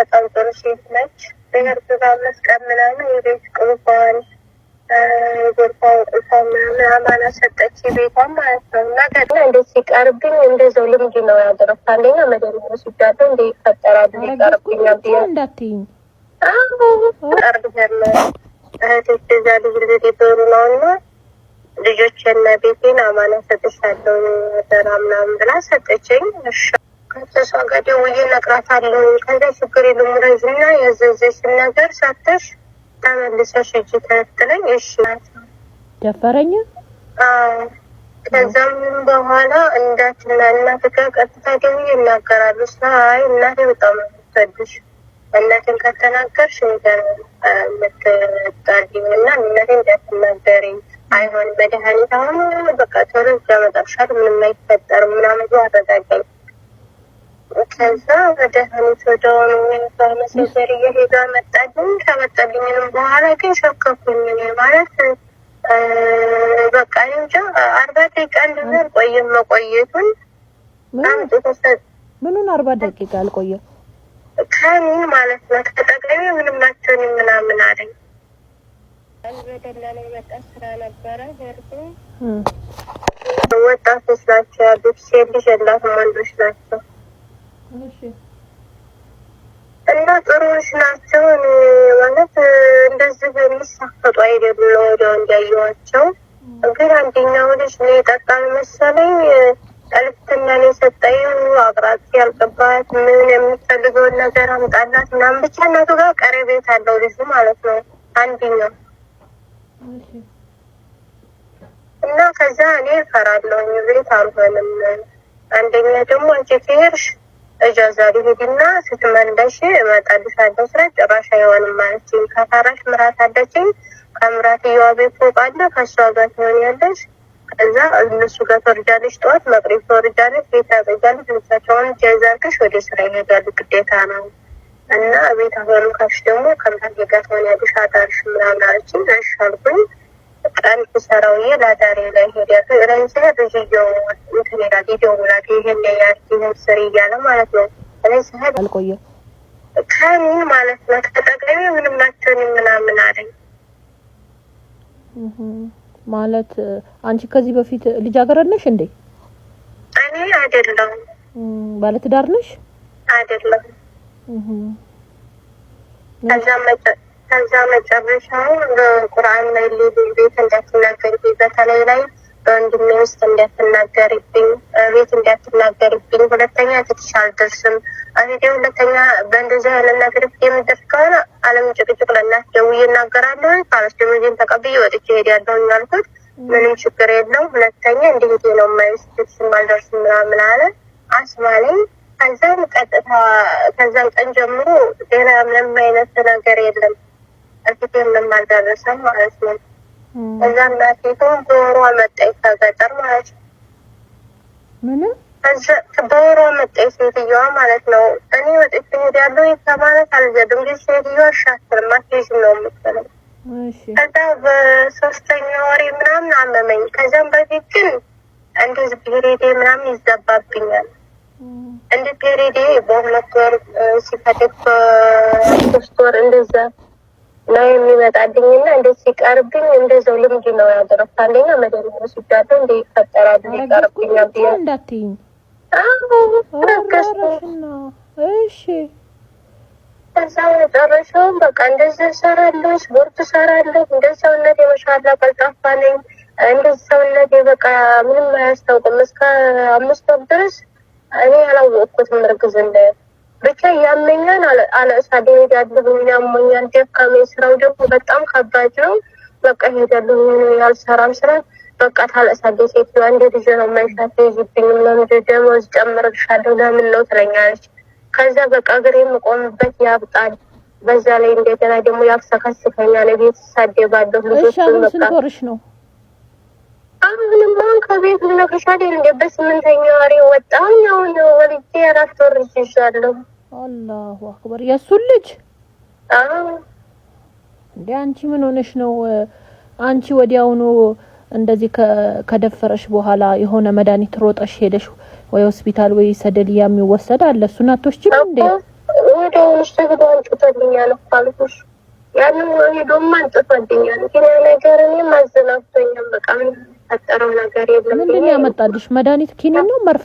በጣም ጥሩ ሴት ነች። ብሄር በአምስት ቀን ምናምን የቤት ቁልፏን የጎርፏን ቁልፏ ምናምን አማና ሰጠች ቤቷን ማለት ነው። እና ገና እንደ ሲቀርብኝ እንደዛው ልምድ ነው ያደረኩት። አንደኛ መደረ ሲዳለ እንደ ይፈጠራል ይቀርብኛ እንዳትይኝ ቀርብኛለ እህቶች እዛ ልጅ ልጅ ዶሩ ነው እና ልጆች የነ ቤቴን አማና ሰጥሻለሁ ደራ ምናምን ብላ ሰጠችኝ። ከሷ ጋር ደውዬ እነግራታለሁ። ከዛ ችግር የለም ረዥና ያዘዘሽን ነገር ሳተሽ ተመልሰሽ እጅ ተነጥለኝ እሺ ደፈረኝ። ከዛም በኋላ እንዳትና እናት ጋር ቀጥታ ደውዬ እናገራሉ። ስይ እናቴ በጣም ተወድሽ እናቴን ከተናገርሽ ምትጣልኝ እና እናቴ እንዳትናገሪኝ አይሆን መድኃኒት አሁን በቃ ቶሎ ምንም አይፈጠርም ምናምን አረጋጋኝ ከዛ ወደ ሀኒት ወደ ሆኑ በመሰዘር እየሄዳ መጣልኝ። ከመጣልኝንም በኋላ ግን ሸከፉኝ ማለት በቃ እንጃ አርባ ደቂቃ እንደዘር ቆየም መቆየቱን ምኑን አርባ ደቂቃ አልቆየም ከኔ ማለት ነው። ከጠገቤ ምንም ናቸውን ምናምን አለኝ። አልበደላ ነው ወጣቶች ናቸው ያሉት፣ ሴት ልጅ የላትም ወንዶች ናቸው። እና ጥሩዎች ናቸው። ማለት እንደዚህ የሚሳፈጡ አይደሉም። ወዲያው እንዳየኋቸው ግን አንደኛው ልጅ ነው የጠጣን መሰለኝ ጠልፍትና የሰጠኝ አቅራቢ ያልቀባት ምን የምትፈልገውን ነገር አምጣላት ምናምን ብቻ እናቱ ጋር ቀረቤት አለው ልጁ ማለት ነው አንደኛው እና ከዛ እኔ እፈራለሁ ቤት አልሆንም። አንደኛ ደግሞ አንቺ ትሄድሽ እጃዛ ሊሄድና ስትመለሽ እመጣልሽ አለው ስላት ጭራሽ አይሆንም አለችኝ። ከፈራሽ ምራት አለችኝ። ከምራትየዋ ቤት ፎቅ አለ። ከእሷ ጋር ትሆን ያለሽ ከዛ እነሱ ጋር ተወርጃለሽ፣ ጠዋት መቅሪብ ተወርጃለሽ፣ ቤት ታጠጃለሽ፣ ልብሳቸውን ጃዛ ወደ ስራ ይሄዳሉ። ግዴታ ነው እና ቤት አፈሩ ካሽ ደግሞ ከምራት ጋር ትሆን ያለሽ አዳርሽ ምናምን አለችኝ። እሺ ቀን ስሰራው ይ ለዛሬ ላይ ሄዳ ረንስ ልጅየው ትሄዳል ይደውላል ይሄን ያል ይህን ስር እያለ ማለት ነው። ስህል አልቆየ ከኔ ማለት ነው ከጠቅለሚ ምንም ናቸውን ምናምን አለኝ ማለት አንቺ ከዚህ በፊት ልጃገረድ ነሽ እንዴ? እኔ አይደለም። ባለትዳር ነሽ? አይደለም። ከዛ ከዛ መጨረሻው በቁርአን ላይ ሌሎች ቤት እንዳትናገሪብኝ፣ በተለይ ላይ በወንድሜ ውስጥ እንዳትናገሪብኝ፣ ቤት እንዳትናገሪብኝ፣ ሁለተኛ ትትሽ አልደርስም አቤቴ፣ ሁለተኛ በእንደዚህ አይነት ነገር የምደርስ ከሆነ አለም ጭቅጭቅ ለእናት ደውዬ እናገራለሁ። ካለስ ደሞዜን ተቀብዬ ወጥቼ እሄዳለሁ ያልኩት ምንም ችግር የለው። ሁለተኛ እንዲህ ነው የማይስ አልደርስም ምናምን አለ አስማለኝ። ከዛም ቀጥታ ከዛም ቀን ጀምሮ ሌላ ምንም አይነት ነገር የለም። እዚህ ምንም አልደረሰም ማለት ነው። እዛ እናቴቱ በወሯ መጣች ከገጠር ማለት ነው። በወሯ መጣች ሴትዮዋ ማለት ነው። እኔ ወጥቼ እሄዳለሁ ከማለት አልዘድም፣ ግን ሴትዮዋ አሻትርም አትሄጂም ነው የምትለው። ከዛ በሶስተኛ ወሬ ምናምን አመመኝ። ከዚያም በፊት ግን እንደዚህ ብሄሬዴ ምናምን ይዘባብኛል እንደ ብሄሬዴ በሁለት ወር ሲፈደግ በሶስት ወር እንደዛ ነው የሚመጣልኝ እና እንደ ሲቀርብኝ እንደዛው ልምድ ነው ያደረኩት። አንደኛ መደረሰ ሲዳለ እንደ ይፈጠራል ይቀርብኛ እንዳትይኝ እሺ። ከዛ መጨረሻውን በቃ እንደዚ ሰራለሁ፣ ስፖርት ሰራለሁ። እንደ ሰውነት የመሻላ ቀልጣፋ ነኝ። እንደ ሰውነት በቃ ምንም አያስታውቅም። እስከ አምስት ወር ድረስ እኔ ያላወቅኩት ምርግዝ እንደ ብቻ ያመኛን አላሳደኝ ያድርጉኝ ያሞኛል። ደካሜ ስራው ደግሞ በጣም ከባድ ነው። በቃ ሄዳለሁ ነው ያልሰራም ስራ በቃ ታለሳደ ሴት አንድ ልጅ ነው መንሻት ይዝብኝም ለምድ ደሞዝ ጨምርልሻለሁ ለምን ነው ትለኛለች። ከዛ በቃ እግሬ የምቆምበት ያብጣል። በዛ ላይ እንደገና ደግሞ ያብሰከስከኛል። ቤት ሳደባለሁ ልጆች በቃ ነው አሁንም አሁን ከቤት ልነክሻል እንደ በስምንተኛ ወሬ ወጣ አሁን ወልጄ አራት ወር ይዣለሁ። አላሁ አክበር የእሱን ልጅ እንዴ! አንቺ ምን ሆነሽ ነው? አንቺ ወዲያውኑ እንደዚህ ከደፈረሽ በኋላ የሆነ መድኃኒት ሮጠሽ ሄደሽ ወይ ሆስፒታል ወይ ሰደልያ የሚወሰድ አለ። እሱን አትወስጂም እንዴ? ወደ ሆስፒታል አንጭቶልኛል አልኩሽ። ወይ ሄዶማ አንጭቶልኛል። ግን ነገር እኔ አዘናግቶኛል። በቃ ምን ነገር የለም። ምንድን ያመጣልሽ መድኃኒት? ኪኒን ነው መርፌ?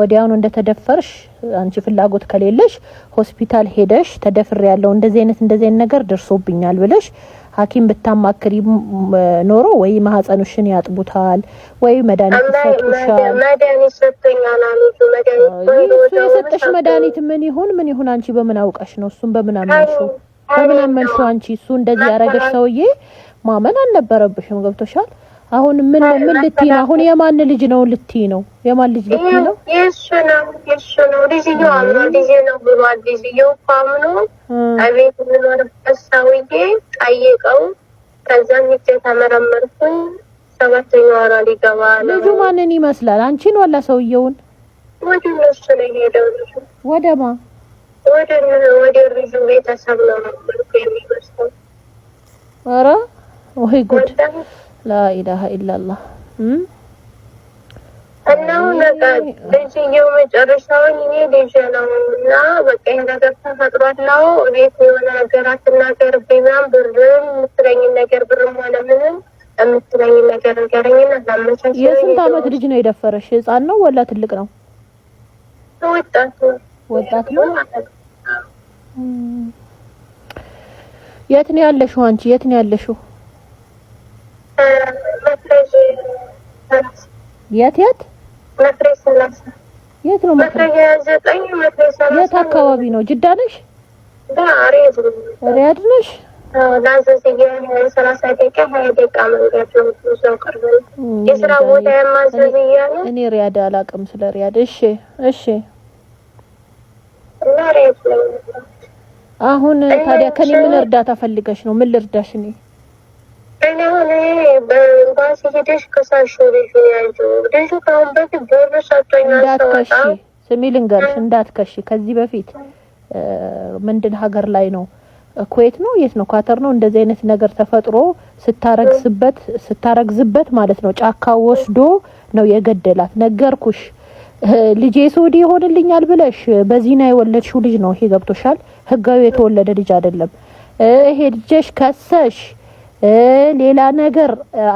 ወዲያውኑ እንደተደፈርሽ አንቺ ፍላጎት ከሌለሽ ሆስፒታል ሄደሽ ተደፍሬ ያለው እንደዚህ አይነት እንደዚህ አይነት ነገር ደርሶብኛል ብለሽ ሐኪም ብታማክሪ ኖሮ ወይ ማህፀኑሽን ያጥቡታል ወይ መድኃኒት ይሰጡሻል። የሰጠሽ መድኃኒት ምን ይሁን ምን ይሁን አንቺ በምን አውቀሽ ነው? እሱን በምን አመንሹ በምን አንቺ እሱ እንደዚህ ያረገሽ ሰውዬ ማመን አልነበረብሽም። ገብቶሻል? አሁን ምን ምን ልትይ ነው? አሁን የማን ልጅ ነው ልትይ ነው? የማን ልጅ ልትይ ነው? የእሱ ነው የእሱ ነው። ልጅየው አምኖ ልጅ ነው ብሏል። ልጅየው እኮ አምኖ አቤት የምኖርበት ሰውዬ ጠይቀው፣ ከዛም ሂጄ ተመረመርኩኝ። ሰባተኛ ወራ ሊገባ ነው። ልጁ ማንን ይመስላል? አንቺን ወላ ሰውየውን? ወደ እነሱ ነው የሄደው ልጁ። ወደማ ወደ ወደ ልጁ ቤተሰብ ነው የሚመስለው። ኧረ ወይ ጉድ ላኢላሀ ኢላላህ እናሁ ነቃ ልጅየው መጨረሻውን እኔ ልጅ ነው እና በቃ ነገር ተፈጥሯት ነው የሆነ ነገር አትናገር ብርም ነገር ብርም ሆነ ምንም የምትለኝ ነገር ንገረኝና የስንት አመት ልጅ ነው የደፈረሽ? ህፃን ነው ወላ ትልቅ ነው? ወጣት ወጣት ነው። የት ነው ያለሽው አንቺ? የት ነው ያለሽው? የት የት የት ነው? የት አካባቢ ነው? ጅዳ ነሽ? ሪያድ ነሽ? እኔ ሪያድ አላውቅም ስለ ሪያድ። እሺ እሺ። አሁን ታዲያ ከኔ ምን እርዳታ ፈልገሽ ነው? ምን ልርዳሽ እኔ አሁን በባስ ሄደሽ ከሳሹ ልጁ ያዩ ልጁ ከአሁን በፊት ብር ሰጥቶኝ እንዳትከሺ፣ ስሚ ልንገርሽ፣ እንዳትከሺ። ከዚህ በፊት ምንድን ሀገር ላይ ነው ኩዌት ነው የት ነው ኳተር ነው እንደዚህ አይነት ነገር ተፈጥሮ ስታረግዝበት ስታረግዝበት ማለት ነው ጫካ ወስዶ ነው የገደላት። ነገርኩሽ ልጄ ሶዲ ይሆንልኛል ብለሽ በዚህና የወለድሽው ልጅ ነው። ይሄ ገብቶሻል? ህጋዊ የተወለደ ልጅ አይደለም። ይሄ ልጅሽ ከሰሽ ሌላ ነገር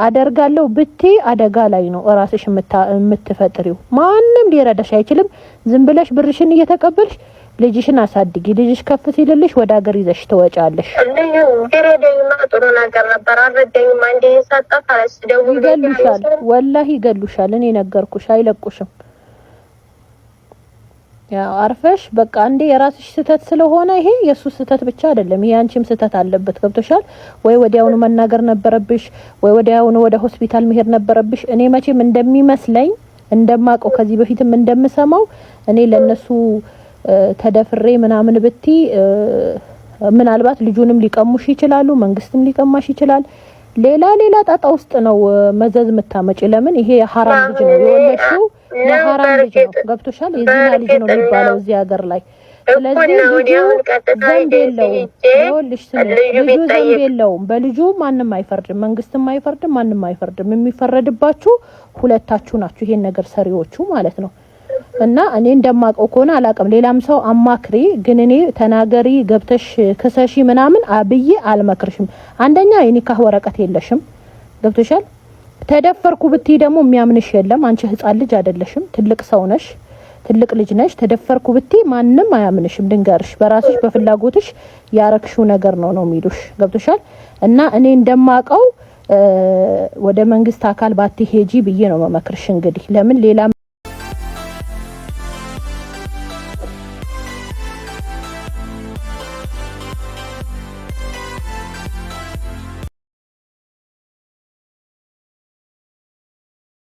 አደርጋለሁ ብቴ አደጋ ላይ ነው ራስሽ የምትፈጥሪው። ማንም ሊረዳሽ አይችልም። ዝም ብለሽ ብርሽን እየተቀበልሽ ልጅሽን አሳድጊ። ልጅሽ ከፍ ሲልልሽ ወደ ሀገር ይዘሽ ትወጫለሽ። ቢረዳኝማ ጥሩ ነገር ነበር። አልረዳኝም። አንዴ ይገሉሻል፣ ወላሂ ይገሉሻል። እኔ ነገርኩሽ፣ አይለቁሽም ያው አርፈሽ በቃ እንዴ የራስሽ ስህተት ስለሆነ ይሄ የሱ ስህተት ብቻ አይደለም፣ ይሄ አንቺም ስህተት አለበት። ገብቶሻል ወይ? ወዲያውኑ መናገር ነበረብሽ ወይ? ወዲያውኑ ወደ ሆስፒታል መሄድ ነበረብሽ። እኔ መቼም እንደሚመስለኝ እንደማቀው ከዚህ በፊትም እንደምሰማው እኔ ለነሱ ተደፍሬ ምናምን ብቲ ምናልባት ልጁንም ሊቀሙሽ ይችላሉ፣ መንግስትም ሊቀማሽ ይችላል። ሌላ ሌላ ጣጣ ውስጥ ነው መዘዝ የምታመጪ። ለምን ይሄ ሀራም ልጅ ነው የወለድሽው የሀራም ልጅ ነው። ገብቶሻል? የዚህ ልጅ ነው የሚባለው እዚህ ሀገር ላይ። ስለዚህ ልጁ ዘንብ የለውም። ልጁ ዘንብ የለውም። በልጁ ማንም አይፈርድም፣ መንግስትም አይፈርድም፣ ማንም አይፈርድም። የሚፈረድባችሁ ሁለታችሁ ናችሁ፣ ይሄን ነገር ሰሪዎቹ ማለት ነው። እና እኔ እንደማቀው ከሆነ አላቅም፣ ሌላም ሰው አማክሪ፣ ግን እኔ ተናገሪ ገብተሽ ክሰሺ ምናምን ብዬ አልመክርሽም። አንደኛ የኒካህ ወረቀት የለሽም። ገብቶሻል? ተደፈርኩ ብትይ ደግሞ የሚያምንሽ የለም። አንቺ ህፃን ልጅ አይደለሽም፣ ትልቅ ሰው ነሽ፣ ትልቅ ልጅ ነሽ። ተደፈርኩ ብትይ ማንም አያምንሽም። ድንገርሽ በራስሽ በፍላጎትሽ ያረግሽው ነገር ነው ነው የሚሉሽ ገብቶሻል። እና እኔ እንደማቀው ወደ መንግስት አካል ባትሄጂ ብዬ ነው መመክርሽ። እንግዲህ ለምን ሌላ